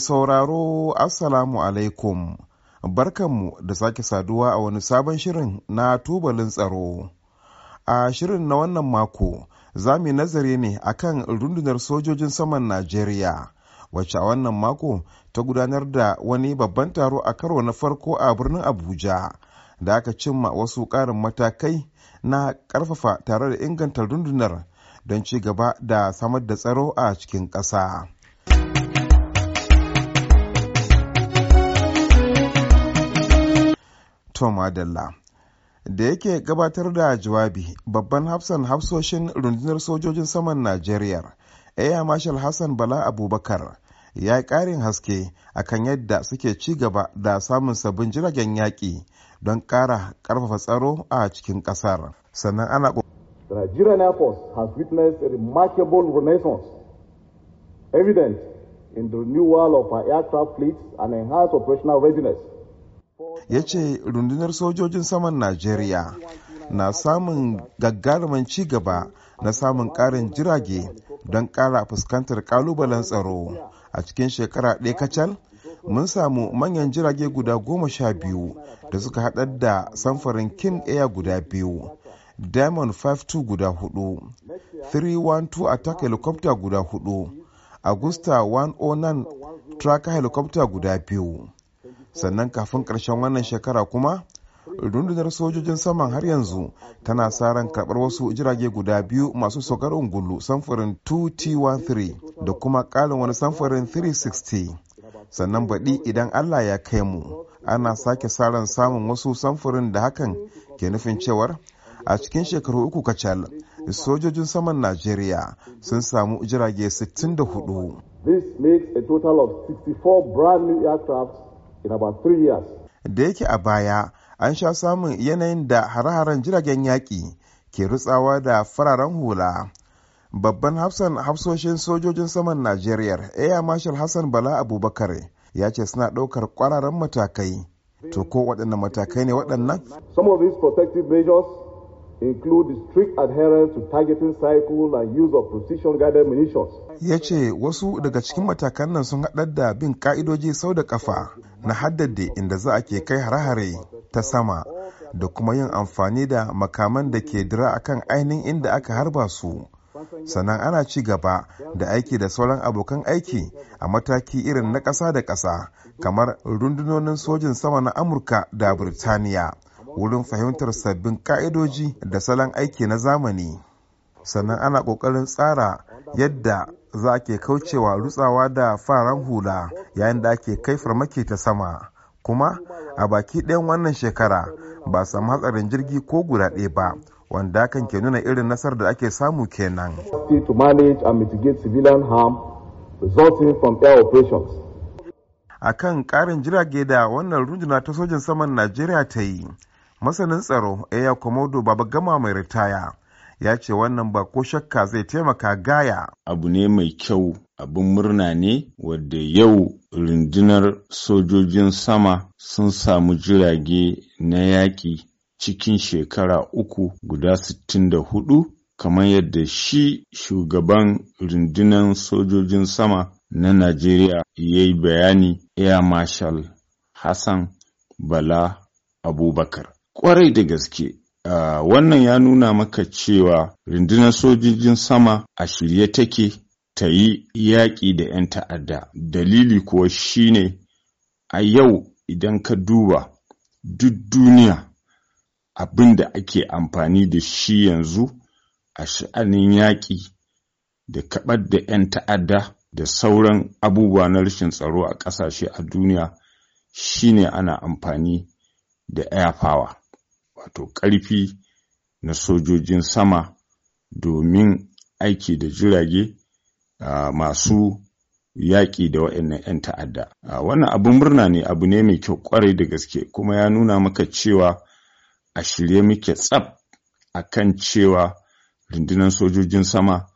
sauraro Assalamu alaikum, barkanmu da sake saduwa a wani sabon shirin na tubalin tsaro. A shirin na wannan mako, za mu nazari ne akan rundunar sojojin saman Najeriya, wacce a wannan mako ta gudanar da wani babban taro a karo na farko a birnin Abuja, da aka cimma wasu ƙarin matakai na ƙarfafa tare da inganta rundunar don ci gaba da samar da tsaro a cikin ƙasa. Tom Madalla. Da yake gabatar da jawabi babban hafsan hafsoshin rundunar sojojin saman Najeriya, Air Marshal Hassan Bala Abubakar ya yi ƙarin haske akan yadda suke ci gaba da samun sabbin jiragen yaƙi don ƙara ƙarfafa tsaro a cikin ƙasar. Sannan ana Nigerian Air Force has witnessed a remarkable renaissance evident in the renewal of our aircraft fleet and enhanced operational readiness. ya ce rundunar sojojin saman najeriya na samun gagarumin ci gaba na samun karin jirage don kara fuskantar kalubalen tsaro a cikin shekara ɗaya kacal mun samu manyan jirage guda goma sha biyu da suka haɗar da samfarin king air guda biyu diamond 52 guda hudu 312 attack helicopter guda hudu agusta 109 tracker helicopter guda biyu sannan kafin ƙarshen wannan shekara kuma rundunar sojojin saman har yanzu tana sa ran karɓar wasu jirage guda biyu masu saukar ungulu samfurin 2t13 da kuma ƙarin wani samfurin 360 sannan baɗi idan allah ya kai mu ana sake sa ran samun wasu samfurin da hakan ke nufin cewar a cikin shekaru uku kacal sojojin saman najeriya sun samu jirage 64 This makes a total of 64 brand new aircrafts in about three Da yake a baya an sha samun yanayin da hare-haren jiragen yaƙi ke rutsawa da fararen hula. Babban hafsan hafsoshin sojojin saman Najeriya, Air Marshal Hassan Bala Abubakar, ya ce suna ɗaukar ƙwararren matakai. To ko waɗannan matakai ne waɗannan? Some protective measures include strict adherence to targeting cycle and use of precision-guided munitions. Ya ce wasu daga cikin matakan nan sun haɗar da bin ka'idoji sau da kafa na haddade inda za a ke kai hare-hare ta sama da kuma yin amfani da makaman da ke dira a kan ainihin inda aka harba su. Sannan ana ci gaba da aiki da sauran abokan aiki a mataki irin na ƙasa da ƙasa kamar rundunonin sojin sama na Amurka da Birtaniya. wurin fahimtar sabbin ka'idoji da salon aiki na zamani sannan ana ƙoƙarin tsara yadda za ke kaucewa rutsawa da faran hula yayin da ake kai farmaki ta sama kuma a baki ɗayan wannan shekara ba samu hatsarin jirgi ko guda ɗaya ba wanda kan ke nuna irin nasar da ake samu kenan. A kan ƙarin jirage da wannan runduna ta sojin saman Najeriya ta yi masanin tsaro ya Komodo Baba Gama mai ritaya ya ce wannan ba ko shakka zai taimaka gaya. Abu ne mai kyau abin murna ne wadda yau rundunar sojojin sama sun samu jirage na yaƙi cikin shekara uku guda sittin da hudu kamar yadda shi shugaban rundunar sojojin sama na Najeriya ya yi bayani Air Marshal Hassan Bala Abubakar. kwarai da gaske uh, wannan ya nuna maka cewa rundunar sojojin sama a shirye take ta yi yaƙi da 'yan ta'adda dalili kuwa shine a yau idan ka duba duk duniya abin da ake amfani da shi yanzu a sha'anin yaƙi da kaɓar da 'yan ta'adda da sauran abubuwa na rashin tsaro a ƙasashe a duniya shine ana amfani da air power wato ƙarfi na sojojin sama domin aiki da jirage masu yaƙi da waɗannan 'yan ta'adda. wannan abin murna ne abu ne mai kyau kwarai da gaske kuma ya nuna maka cewa a shirye muke tsab a kan cewa rundunar sojojin sama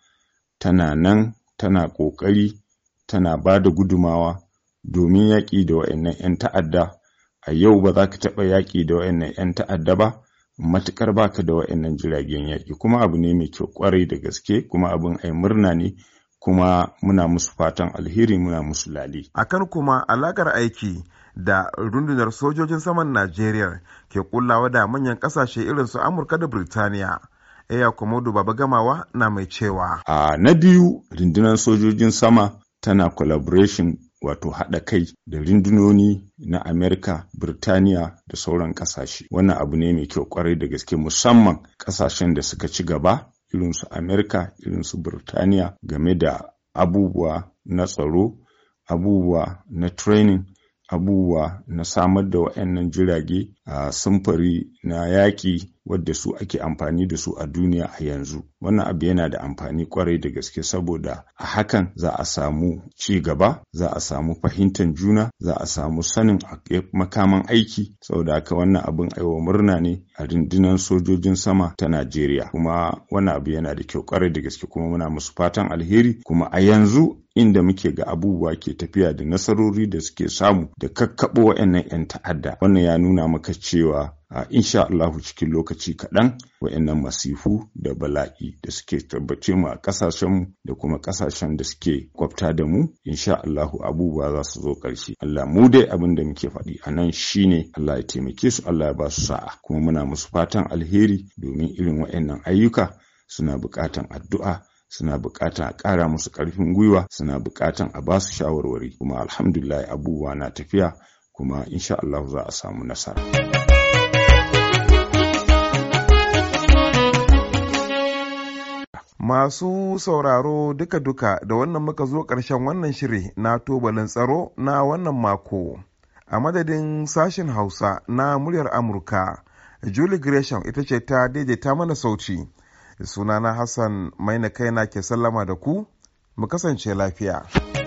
tana nan tana ƙoƙari tana ba da gudumawa domin yaƙi da waɗannan 'yan ta'adda a yau ba za ka taɓa yaƙi da wa'annan 'yan ta'adda ba matuƙar baka da wa'annan jiragen yaƙi kuma abu ne mai kyau ƙwarai da gaske kuma abin ai murna ne kuma muna musu fatan alheri muna musu lale. kan kuma alaƙar aiki da rundunar sojojin saman Najeriya ke kullawa da manyan ƙasashe irin su Amurka da Birtaniya. Eya Komodo Baba Gamawa na mai cewa. A na biyu rundunar sojojin sama tana collaboration wato haɗa kai da rindunoni na Amerika, Birtaniya da sauran ƙasashe. Wannan abu ne mai kyau kwarai da gaske musamman ƙasashen da suka ci gaba irinsu Amerika, irinsu Birtaniya game da abubuwa na tsaro, abubuwa na training abubuwa na samar da wa'annan jirage a samfari na yaƙi wadda su ake amfani da su a duniya a yanzu wannan abu yana da amfani kwarai da gaske saboda a hakan za a samu ci gaba za a samu fahimtar juna za a samu sanin makaman aiki saboda haka wannan abin aiwa murna ne a rundunar sojojin sama ta najeriya kuma wannan abu yana da kyau kwarai da gaske kuma muna musu fatan alheri kuma a yanzu inda muke ga abubuwa ke tafiya da nasarori da suke samu da kakkaɓo wa'annan 'yan ta'adda wannan ya nuna maka cewa a insha Allahu cikin lokaci kaɗan wa'annan masifu da bala'i da suke tabbace mu a ƙasashenmu da kuma ƙasashen da suke kwafta da mu insha Allahu abubuwa za su zo ƙarshe Allah mu dai abin da muke faɗi a nan shine Allah ya taimake su Allah ya ba su sa'a kuma muna musu fatan alheri domin irin wa'annan ayyuka suna buƙatan addu'a suna buƙatan a ƙara musu karfin gwiwa suna bukatan a basu shawarwari kuma alhamdulillah abubuwa na tafiya kuma insha Allah za a samu nasara. Masu sauraro duka-duka da wannan muka zo ƙarshen wannan shiri na tobalin tsaro na wannan mako. A madadin sashen Hausa na muryar Amurka, Julie Gresham ita ce ta daidaita mana sauci. sunana hassan maina kaina ke sallama da ku mu kasance lafiya.